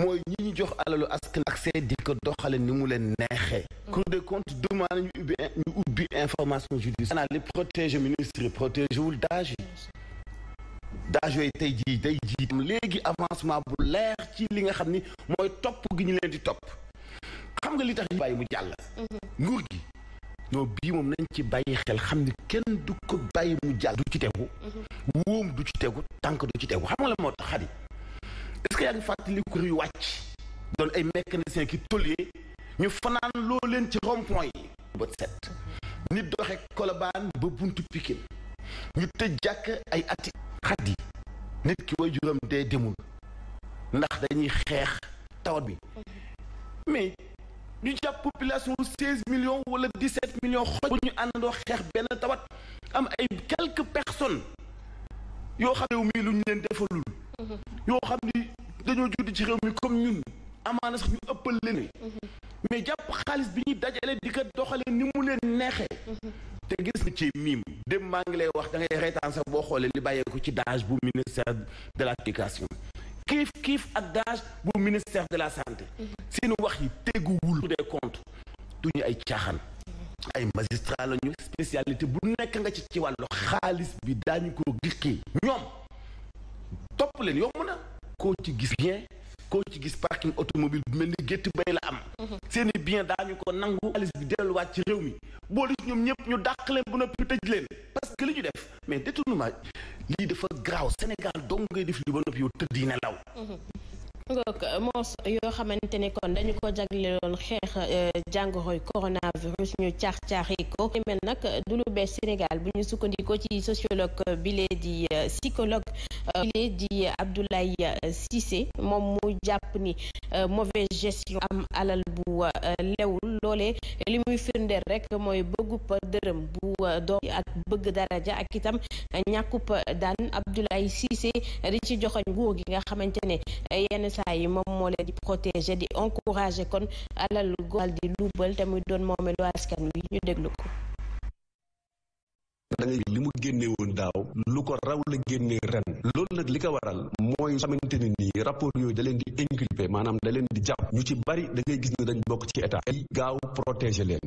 mooy ñi ñu jox alalu askan accès di ko doxale ni mu leen neexee. Cour des comptes demande ñu ubbi ñu ubbi information judiciaire ana li protéger ministre yi protéger wul daaj yi daaj yooyu tey jii day jii tam léegi avancement bu leer ci li nga xam ni mooy topp gi ñu leen di topp xam nga li tax ñu bàyyi mu jàll mhm. nguur gi ñoo bii moom nañ ci bàyyi xel xam ni kenn du ko bàyyi mu jàll du ci tegu mhm. wóom du ci tegu tànk du ci tegu xam nga la moo tax xadi est-ce que yaa ngi fàttali kur yu wàcc doon ay mécaniciens ki tôlier ñu fanaan loo leen ci rond-point yi bët set nit doxe kolobaan ba buntu Pikine ñu tëj jàkk ay ati xat nit ki way juram dee demul ndax dañuy xex tawat bi mais ñu jàpp population 16 millions wala 17 millions xoj ba ñu ando xex ben tawat am ay quelques personnes yo xamé wu mi luñu ñu leen defalul mm-hmm. yo xam dañoo judd ci réew mi comme ñun amaana sax ñu ëppal leen mais jàpp xaalis bi ñuy dajale di ko doxale ni mu leen neexee te gis nga ci miim dem maa ngi lay wax da ngay reetaan sax boo xoolee li bàyyeeku ci daaj bu ministère de l' application kiif kiif ak daaj bu ministère de la santé seen wax yi teguwul su dee compte duñu ay caaxaan ay magistrat lañu spécialité bu nekk nga ci ci wàllu xaalis bi daañu ko giqi ñoom topp leen yomb na koo ci gis bien koo ci gis parking automobile bu melni ni bay la am mhm. seen i bien daañu ko nangu xaalis bi delluwaat ci réew mi boole ci ñoom ñëpp ñu dàq bu noppi tëj leen parce que li ñu def mais détournement li dafa garaaw Sénégal do ngay def li ba noppi yow tëdd yi nelaw donc mhm. moos yoo xamante kon dañu ko jagleeloon xeex euh, jàngoroy coronavirus ñu tiar caaxi ko mel nag du lu bees Sénégal bu ñu sukkandikoo ci sociologue bi lee di euh, psychologue kile euh, di Abdoulaye euh, Cissé mon mu jàpp ni euh, mauvaise gestion am alal bu lewul lolé limuy muy rek moy mooy pa dërëm bu doom ak bëgg daraja ak itam ñakup daan Abdoulaye Cissé di ci joxoñ nguur gi nga xamantene yenn saa mom mo le di protéger di encourager kon alal goal di luubal tamuy muy momé lo askan wi ñu déglu ko da ngay li mu génne daaw lu ko raw la génne ren loolu nag li ko waral mooy xamante ne nii rapport yooyu da leen di inculper maanaam da leen di jàpp ñu ci bari da gis ne dañ bokk ci état ay gaaw protéger leen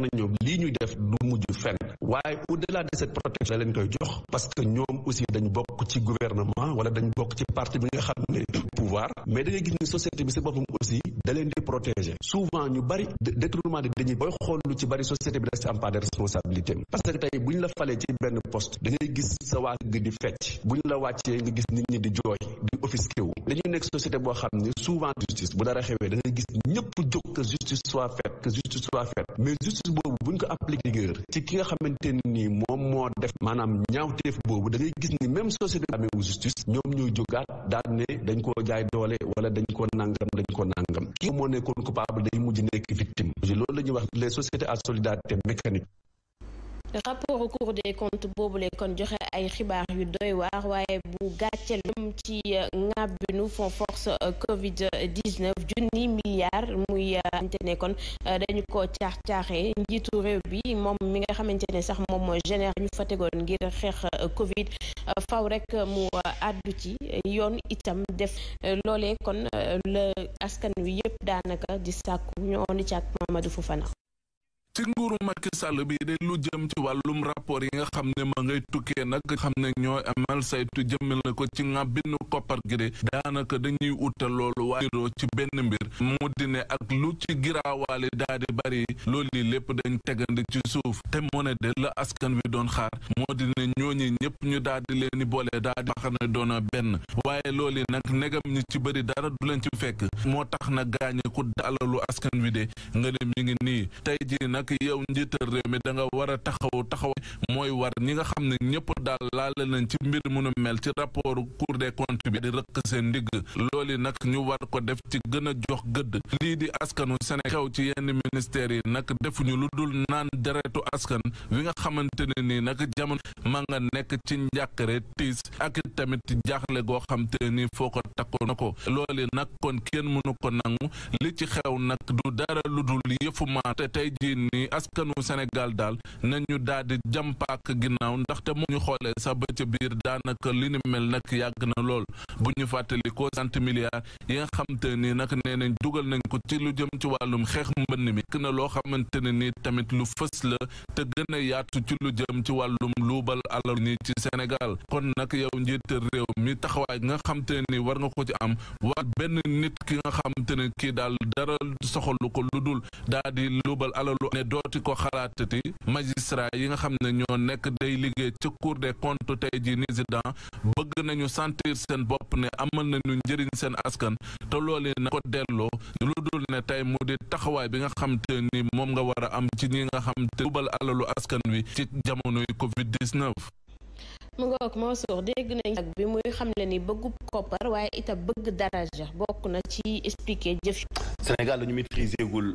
na ñoom ñuy def du mujj fenn waaye au delà de cette protection da leen koy jox parce que ñoom aussi dañ bokk ci gouvernement wala dañ bokk ci parti bi nga xam ne pouvoir mais da ngay gis ne société bi si boppam aussi da leen di protéger souvent ñu bari détournement de dañuy booy xool lu ci bari société bi da si am de responsabilité parce que tey buñ la la falee ci benn poste dañuy gis sa waa kër di fecc bu ñu la wàccee nga gis nit ñi di jooy di offisqué wu dañu nekk société boo xam ne souvent justice bu dara xewee da ngay gis ñëpp jóg que justice soit faite que justice soit faite mais justice boobu bu ñu ko appliqué rigueur ci ki nga xamante ne nii moom moo def maanaam ñaawteef boobu da ngay gis ni même société amee wu justice ñoom ñooy jógaat daal dañ koo jaay doole wala dañ koo nangam dañ koo nangam ki moo nekkoon la ñuy wax les sociétés à rapport au cours des comptes boobule kon joxe ay xibaar yu doy waar waaye bu gàcceel jëm ci euh, ŋàbbinu fond force euh, covid 19 junni milliards muy euh, xamante ne kon dañu ko caax caaxe njiitu réew bi moom mi nga xamante ne sax moom mooy général ñu fa tegoon ngir xeex covid faw rek mu àddu ci yoon itam def loole kon la askan wi yëpp daanaka di sàkku ñoo ni ci ak Mamadou Fofana ci nguuru Macky Sall bi de lu jëm ci wàllum rapport yi nga xam ne ma ngay tukkee nag xam ne ñooy amal saytu jëmmal na ko ci ngàbbinu koppar gi de daanaka dañuy utal loolu waaniroo ci benn mbir mu di ne ak lu ci giraawaale daal di bari loolu yi lépp dañ tegandi ci suuf te moo ne de la wi doon xaar moo di ne ñooñu ñëpp ñu daal di leen di boole daal xam ne doon benn waaye loolu nag negam ñu ci bari dara du leen ci fekk moo tax na gaañe ku dalalu askan wi de nga ne ngi nii tey jii nag nekk yow njiital réew mi da a taxaw taxaw mooy war ñi nga xam ne ñëpp daal laale nañ ci mbir munu mel ci rapport cour des comptes bi di rëkk seen ndigg loolu nag ñu war ko def ci gën a jox gëdd lii di askanu Sénégal xew ci yenn ministères yi nag defuñu lu dul naan deretu askan wi nga xamante ne nii nag jamono ma nga nekk ci njàqare tiis ak tamit jaaxle goo xam te nii foo ko takkoon na ko loolu nag kon kenn mënu ko nangu li ci xew nag du dara lu dul tey jii ni askanu Sénégal daal nañu daal di jam paak ginnaaw ndaxte mu ñu xoolee sax ba ca biir daanaka li ni mel nag yàgg na lool bu ñu fàttali ko cent milliards yi nga xam te ni nag nee nañ dugal nañ ko ci lu jëm ci wàllum xeex mbënn mi na loo xamante ne ni tamit lu fës la te gën a yaatu ci lu jëm ci wàllum luubal alal ni ci Sénégal kon nag yow njiit réew mi taxawaay nga xamante ne ni war nga ko ci am war benn nit ki nga xamante ne kii daal dara soxalu ko lu dul daa luubal alalu ne dooti ko xalaatati magistrat yi nga xam ne ñoo nekk day liggéey ci cour des comptes tey ji nizidant bëgg nañu sentir seen bopp ne amal nañu njëriñ seen askan te loolu na ko delloo lu dul ne tey mu di taxawaay bi nga xam te ni moom nga war a am ci ñi nga xam te dubal alalu askan wi ci jamonoy covid 19 mu ngoog Mansour dégg nañ ak bi muy xamle ni bëggub koppar waaye itam bëgg daraja bokk na ci expliquer jëf Sénégal lañu maîtriser gul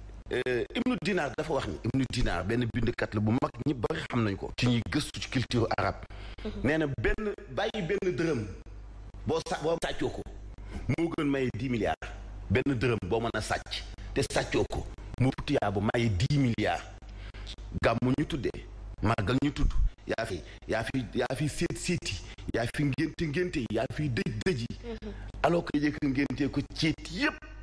Euh, Ibnu Dinar dafa wax ni Ibnu Dinar benn bindkat la bu mag ñi bari xam nañ ko ci ñuy gëstu ci culture arabe mhm. nee na benn bàyyi benn dërëm boo sa ko moo gën maye dix milliards benn dërëm boo mën a sàcc te sàccoo ko mu tuyaa bu maye dix milliards gàmmu ñu tuddee màggal ñu tudd yaa fi yaa fi yaa fi seet seeti yaa fi ngénte ngénte yi yaa fi dëj dëj yi mhm. alors que yëkk ngéntee ko ceet yépp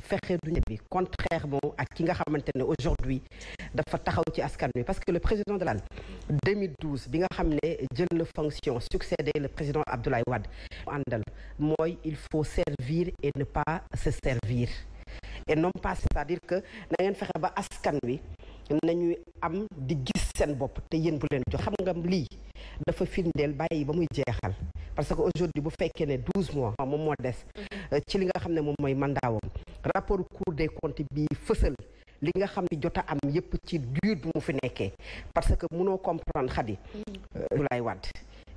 fexe du ñebe contrairement à qui nga xamante aujourd'hui dafa taxaw ci askan wi parce que le président de l'AN 2012 bi nga xamné jël fonction succédé le président Abdoulaye Wade andal Moy il faut servir et ne pas se servir et non pas c'est-à-dire que na ngeen faire ba askan wi nañuy am di gis sen bop te yeen bu len jox xam nga dafa firndeel bàyyi ba muy jeexal parce que aujourd'hui bu fekkee ne douze mois moom moo des ci li nga xam ne moom mooy mandaawam rapport Cour des comptes bi fësal li nga xam ne jot a am yépp ci dur mu fi nekkee parce que mënoo comprendre xadi mm. Abdoulaye Wade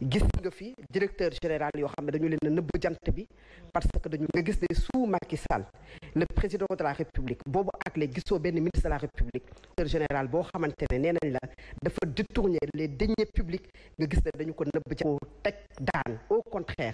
gis nga fi directeur général yoo xam ne dañu leen a nëbb jant bi parce que dañu nga gis ne sous Macky Sall président de la république Bobo Akle, ministre de la république le général boo xamante détourner les deniers publics de gis au contraire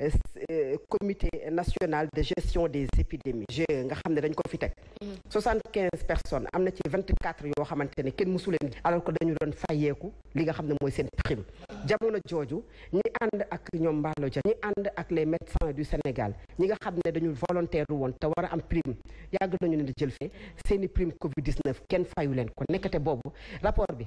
Euh, euh, comité national de gestion des épidémies GE nga xamné dañ ko fi tek. 75 mm. personnes amna ci 24 yo yoo xamante kenn musu leen alors que dañu don fayeku li nga xamné moy sen seen prime jamono jooju ñi and ak ñom mballo ja ñi ànd ak les médecins du Sénégal ñi nga xamné dañu volontaire woon te wara a am prime Yag nañu ne jël fee seeni prime covid 19 kenn fayu len ko nekkate bobu rapport bi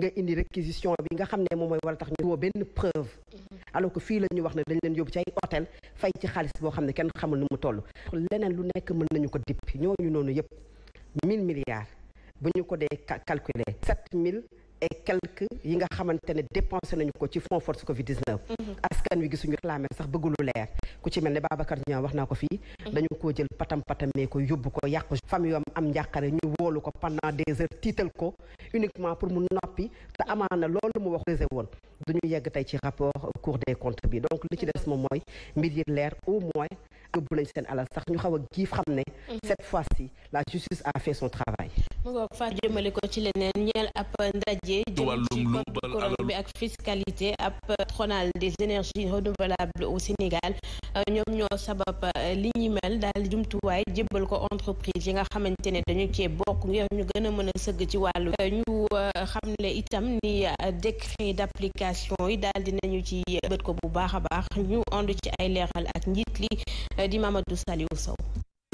nga indi réquisition bi nga xam ne moom mooy war a tax ñu woo benn preuve mhm. alors que fii la ñu wax ne dañ leen yóbbu ci ay hôtel fay ci xaalis boo xam ne kenn xamul nu mu toll leneen lu nekk mën nañu ko dipp ñooñu noonu yëpp mille milliards bu ñu ko dee calculer sept mille et quelques yi nga xamante ne dépensé nañu ko ci fonds force covid 19 mhm. askan wi gisuñu réclamé sax bëgg leer ku ci mel ne Babacar naa ko fii mhm. dañu ko jël patam patamee ko yóbbu ko yàqu famille am ñu wóolu ko pendant des heures tiital ko uniquement pour mon appui Ta amana loolu mu wax posé de nous y yegg tay ci rapport Cour des comptes bi donc li ci dess mom moy mbir yi au moins yóbbu nañ seen alal sax ñu xawa giif ne mm-hmm. cette fois-ci la justice a fait son travail mu ngoog fa jëmale ko ci leneen ñeel ab ndaje jëm ci code bi ak fiscalité ab patronale des énergies renouvelables au Sénégal euh, ñoom ñoo sabab euh, li ñi mel daal jumtuwaay jébbal ko entreprise yi nga xamante ne dañu cee bokk ngir ñu gën a mën a sëgg ci wàllu euh, ñu xamle itam ni décret d'application yi daal dinañu ci bët ko bu baax a baax ñu ànd ci ay leeral ak njiit li di Mamadou Saliou Sow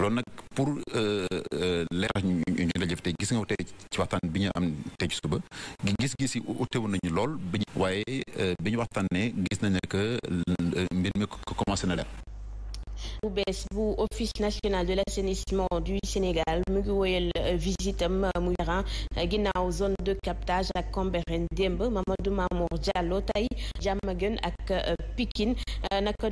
loolu nag pour euh, euh, leer ñu dajëf tey gis nga teg ci waxtaan bi ñu am tey ci suba gis-gis yi utewoon nañu lool bi ñu waaye euh, bi ñu waxtaanee gis nañ ne que mbir mi commencé na leer bu office national de l'assainissement du Sénégal mu woyal euh, visitam euh, mu yaran euh, ginnaaw zone de captage à Cambérène Dembe, Mamadou Mamour Diallo Taï, Diamaguène ak Pikine naka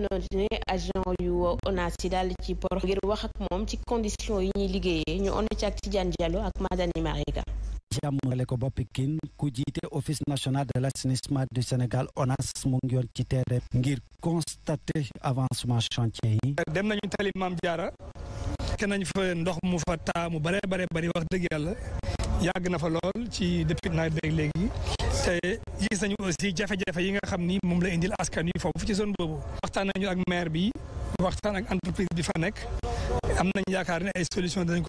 agent yu ONAS yi daal ci port ngir wax ak ci condition yi ñuy ñu on ci ak tidian Diallo ak Madani Marega ci ko ba Pikine ku jité office national de l'assainissement du Sénégal ONAS mo ngi ci téré ngir constater avancement chantier yi dem nañu tali mam diara ke nañ fa ndox mu fa taamu bare bare bari wax deug yalla yag na fa lol ci depuis nawet beeg legi te gis nañu aussi jafé jafé yi nga xamni mom la indil askan yi fofu ci zone bobu waxtaan nañu ak maire bi waxtaan ak entreprise bi fa nek am nañ yaakaar ne ay solution dañ ko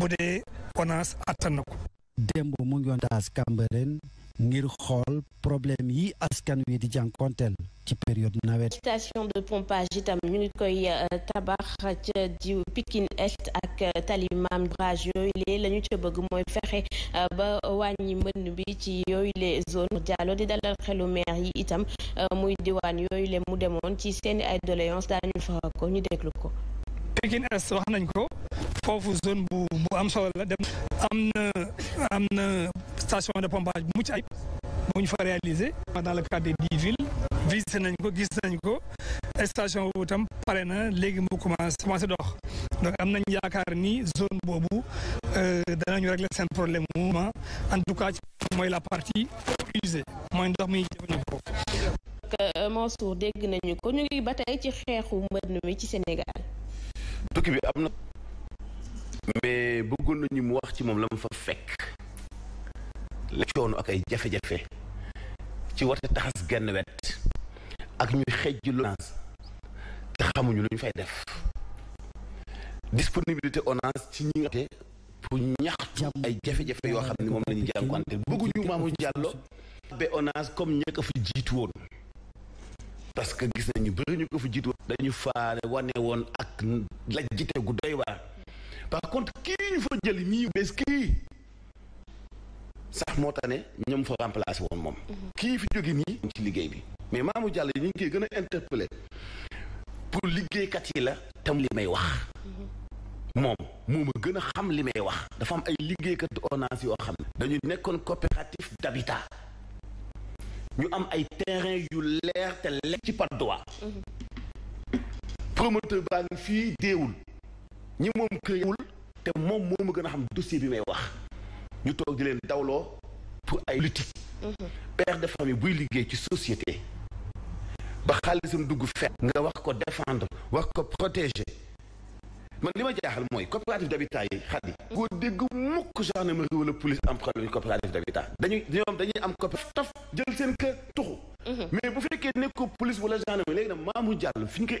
bu dee ONAS attan na ko. démb ngi woon daas ngir xol problème yi askan wi di jankontel ci période nawet. station de pompage itam ñu ngi koy euh, tabax ci jiw Pikine Est ak euh, tali Mame Brage yooyu lee la bëgg moy fexé euh, ba wàññi mbënn bi ci yooyu les zones Diallo di dalal xelu maire yi itam muy diwaan yooyu le mu demoon ci seeni ay doléance daañu fexe ko ñu déglu ko. Pikine Est wax nañ ko foofu zone bu bu am solo la dem am na am na station de pompage bu mucc ay bu ñu fa réalisé dans le cadre des dix villes visité nañ ko gis nañ ko station boobu tam pare na léegi mu commencé commencé dox donc am nañ yaakaar ni zone boobu euh, danañu régler seen problème moment en tout cas mooy la partie usée mooy ndox mi jëfandikoo euh, Mansour dégg nañu ko ñu ngi ba tey ci xeexu mbënn mi ci Sénégal tukki bi am na mais bëggoon nañu mu wax ci moom la mu fa fekk la coono ak ay jafe-jafe ci warte taxas genn wet ak ñu xej l'ONAS te xamuñu lu ñu fay def disponibilité ONAS ci ñi nga xam ne pour ñaxtu ay jafe-jafe yoo xam ne moom la ñuy jànkuwante bëgguñu Mamour Diallo be ONAS comme ña ko fi jiitu woon parce que gis nañu bëri ñu ko fi jiitu dañu faane wane woon ak lajjite gu doy waar par contre kii ñu fa jëli nii bés kii sax moo tax ne ñoom fa remplacé woon moom kii fi jóge nii ci liggéey bi mais Mamour Diallo ñu ngi koy gën a interpellé pour liggéeykat yi la tam li may wax moom moo ma gën a xam li may wax dafa am ay liggéeykatu ONAS yoo xam ne dañu nekkoon coopérative d'habitat ñu am ay terrain yu leer te leer ci Patte d'Oie promoteur baa ngi fii déewul ñi moom kër wul te moom moo ma gën a xam dossier bi may wax ñu toog di leen dawloo pour ay politique père de famille buy liggéey ci société ba xaalisam dugg fet nga wax ko défendre wax ko protéger man li ma jaaxal mooy coopérative d'habitat yi xadi koo dégg mukk gendarmerie wala police am problème coopérative d'habitat dañuy ñoom dañuy am coopérative taf jël seen kër tuxu mhm. mais bu fekkee nekkoo police wala gendarmerie léegi nag maamu jàll fi ñu koy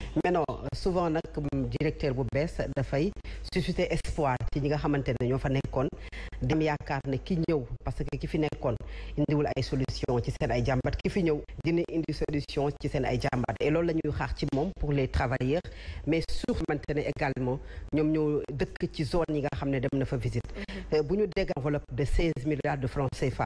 mais non souvent nak directeur bu da fay susciter espoir ci ñi nga xamantene ñoo fa nekkoon dem yaakaar ne ki ñew parce que ki fi indi wul ay solution ci seen ay jambat ki fi ñew dina indi solution ci seen ay jambat et loolu la xaar ci mom pour les travailleurs mais surtout maintenant également ñom ñoo dëkk ci zone yi nga xamne dem na fa visite mm-hmm. euh, buñu ñu dégg enveloppe de 16 milliards de francs CFA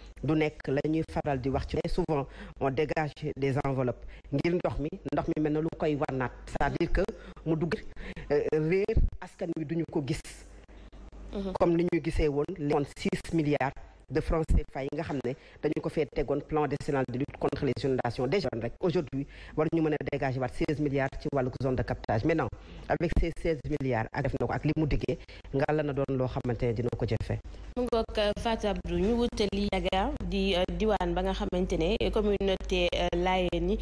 du nekk la faral di wax ci souvent on dégage des enveloppes ngir ndox mi ndox mi melna lu koy wanat c'est-à-dire que mu dugg euh, rire askan wi duñu ko gis mhm. comme li gissé won 6 milliards de francs CFA yi nga xamné dañu ko fee tegoon plan décennal de lutte contre les inondations des jeunes rek aujourd'hui war ñu mën dégager wat 16 milliards ci walu zone de captage mais non avec ces 16 milliards ak ah, def na ak limu mu nga la na doon lo xamante ne dina ko jëfee. mu ngoog euh, Fatou Abdou ñu wutali yaga di euh, diwaan ba nga xamante ne communauté euh, Layeen yi